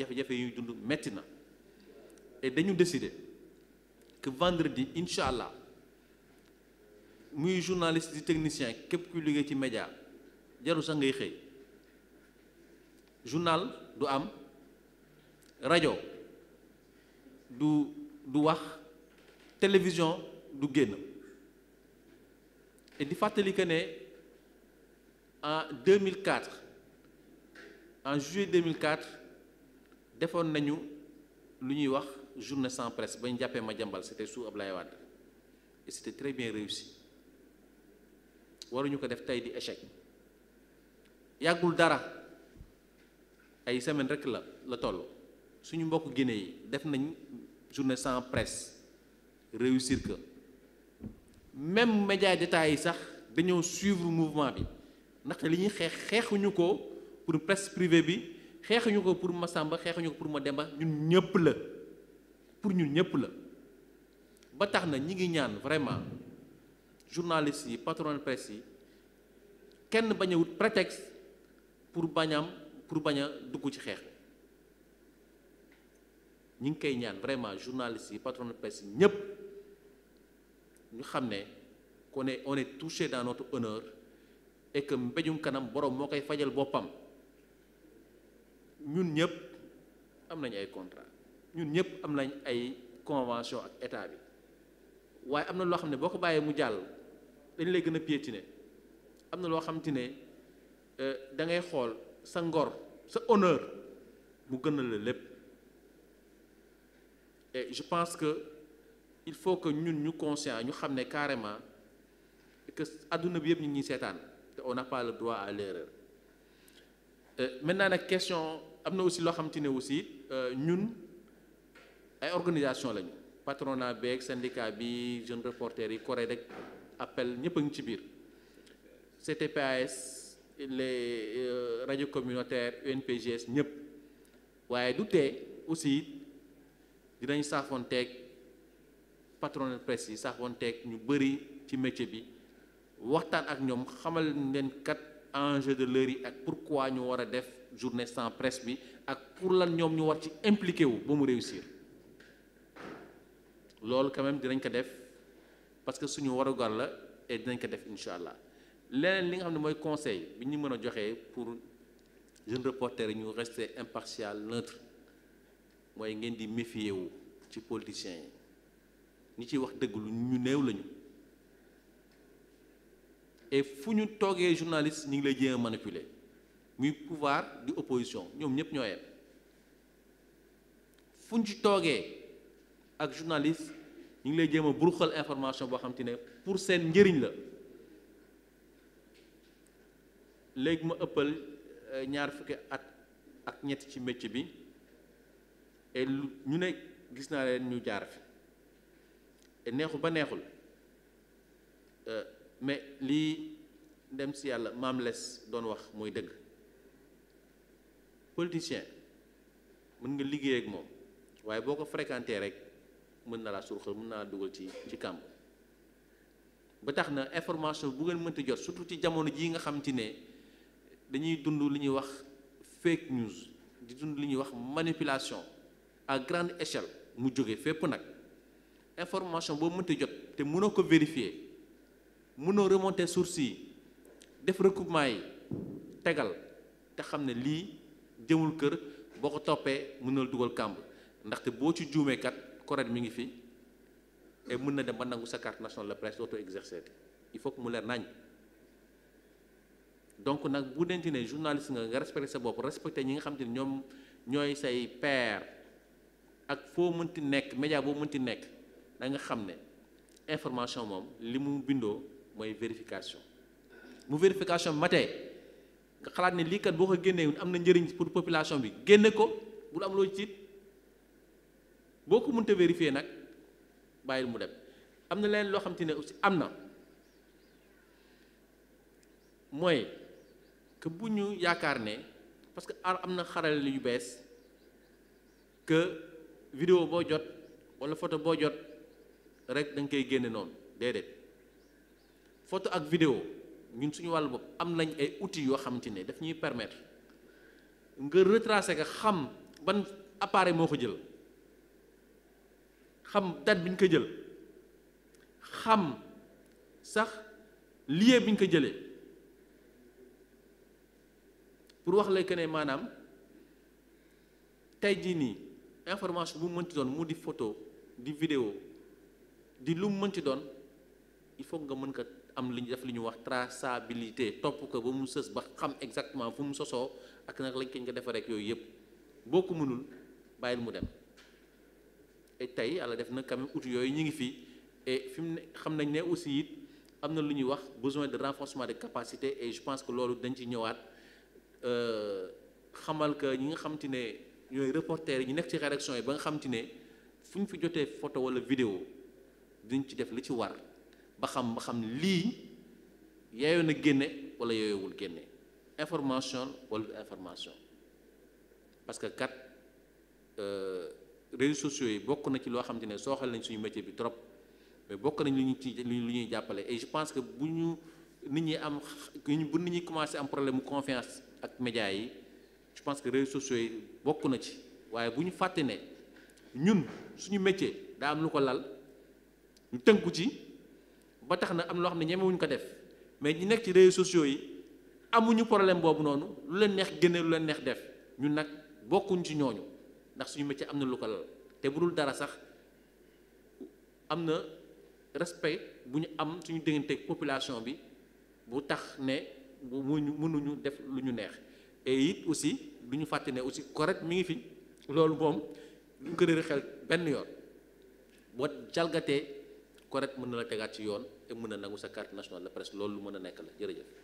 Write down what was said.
jafé-jafé yu dund metti na et dañu décider que vendredi inshallah muy journaliste di technicien képp kuy liggéey ci média jaru sa ngay xey journal du am Radio, du du wax télévision du génn et di fàttali en 2004 en juillet 2004 defoon nañu lu wax journée sans presse bañ jappé ma jàmbal c'était sous Ablaye Wade et c'était très bien réussi waruñu ko def tay di échec yagul dara ay semaine rek la la toll suñu mbokk Guinée yi def nañ journée sans presse réussir que même média d'état yi sax dañoo suivre mouvement bi ndaxte li ñuy xeex ko pour presse privée bi xeexuñu ko pour ma sàmba xeexuñu ko pour ma demba ñun ñëpp la pour ñun ñëpp la ba tax na ñi ngi ñaan vraiment journalistes yi patron de yi kenn bañ a wut prétexte pour bañam pour bañ a dugg ci xeex ñi ngi koy ñaan vraiment journalistes yi patron de presse yi ñëpp ñu xam ne qu'on est on est touché dans notre honneur et que kanam borom moo koy fajal boppam. ñun ñëpp am nañ ay contrat ñun ñëpp am nañ ay convention ak état bi waaye am na loo xam ne boo ko bàyyee mu jàll dañ lay gën a piétiner am na loo xam te ne euh, da ngay xool sa ngor sa honneur mu gënal la lépp et je pense que il faut que ñun ñu conscient ñu xam ne carrément que adduna bi yëpp ñu ngi seetaan te on n'a pas le droit à l'erreur euh, maintenant nag question nous aussi lo aussi euh, ñun ay organisation lañu patronat syndicat bi jeune reporter yi rek appel CTPAS les euh, radio communautaires UNPGS e ñepp waye du té aussi dinañ patronat ñu bëri ci métier bi ak xamal kat enjeu de l'heure pourquoi ñu wara journée sans presse bi ak pour lan ñom ñu war ci impliqué wu ba mu réussir lool quand même dinañ ko def parce que suñu warugar la et dinañ ko def inshallah leneen li nga xamne moy conseil bi ñu mëna joxé pour jeune reporter ñu rester impartial neutre moy ngeen di méfier wu ci politiciens ni ci wax deug lu ñu néew lañu et fu ñu toogee journaliste ñi ngi lay jéem manipuler muy pouvoir di opposition ñom ñep ñoo yem fu ci toogee ak journaliste ñu ngi lay jéem a buruxal information bo xam te pour sen njëriñ la léegi ma ëppal euh, ñaar fukki at ak ñett ci métier bi et ñu ne gis na leen ñu jaar fi et neexul ba neexul euh, mais li dem ci yàlla maam les doon wax mooy dëgg politicien mën nga liggéey ak moom waaye boo ko fréquenté rek mën na laa surxal mën naa dugal ci ci kàmb ba tax na information bu ngeen mënti jot surtout ci jamono jii nga xam ci ne dañuy dund li ñuy wax fake news di dund li ñuy wax manipulation à grande échelle mu jóge fépp nag information boo mënti jot te mënoo ko vérifier mënoo remonter source yi def recoupement yi tegal te xam ne lii jëmul kër boo ko toppee mën na dugal kàmb ndaxte boo ci juumee kat CORED mi ngi fi et mën na dem ba nangu sa carte nationale de presse dootoo exercer il faut que mu leer nañ donc nag bu denc ne journaliste nga nga respecté sa bopp respecté ñi nga xam te ne ñoom ñooy say père ak foo mënti nekk média boo mënti nekk da nga xam ne information moom li mu bindoo mooy vérification mu vérification matee nga xalaat ni lii kat boo ko génnee am na njëriñ pour population bi génne ko bul am loo ciit boo ko mënta vérifier nag bàyyil mu dem am na leen loo xam te ne aussi am na mooy que bu ñu yaakaar ne parce que ar am na xaralal yu bees que vidéo boo jot wala photo boo jot rek da koy génne noonu déedéet photo ak vidéo ñun suñu wàllu bopp am nañ ay outils yoo xamante ne daf ñuy permettre nga retracer nga xam ban appareil moo ko jël xam date biñ ko jël xam sax lieu biñ ko jëlee pour wax lay que ne maanaam tey jii nii information bu mu mënti doon mu di photo di vidéo di lu mu mënti doon il faut nga mën ko am li def li wax traçabilité top ko ba mu sës ba xam exactement fu mu soso ak nak lañ koñ nga def rek yoy yeb boo ko mënul mu dem et tay ala def na quand même outil yooyu ñu ngi fi et fim xam nañ ne aussi it am na wax besoin de renforcement de capacité et je pense que lolu dañ ci ñëwaat euh, xamal que ñi nga xam te ne reporter yi ñu nekk ci rédaction yi ba nga xam te ne fu fi jotee photo wala vidéo duñ ci def li ci war ba xam ba xam lii yaayoo na génne wala yaayoowul génne information wala information parce que kat euh, réseaux sociaux yi bokk na ci lo xam te ne sooxal nañ suñu métier bi trop mais bokk nañ lu ñu ci lu ñuy et je pense que buñu nit ñi am bu nit ñi commencé am problème confiance ak médias yi je pense que réseaux sociaux yi bokk na ci waye buñu faté né ñun suñu métier da am lu ko lal ñu tënku ci. ba tax na am loo xam ne ñemewuñ ko def mais ñi nekk ci réseaux sociaux yi amuñu problème boobu noonu lu leen neex génne lu leen neex def ñun nag bokkuñ ci ñooñu ndax suñu métier am na lu ko lal te bu dul dara sax am na respect bu ñu am suñu diggante population bi bu tax ne muñu mënuñu def lu ñu neex et it aussi du ñu fàtte ne aussi correct mi ngi fi loolu moom duñ ko réer xel benn yoon boo jalgatee correct mën na la tegaat ci yoon mën a nangu sa carte nationale de presse loolu lu mën a nekk la jërëjëf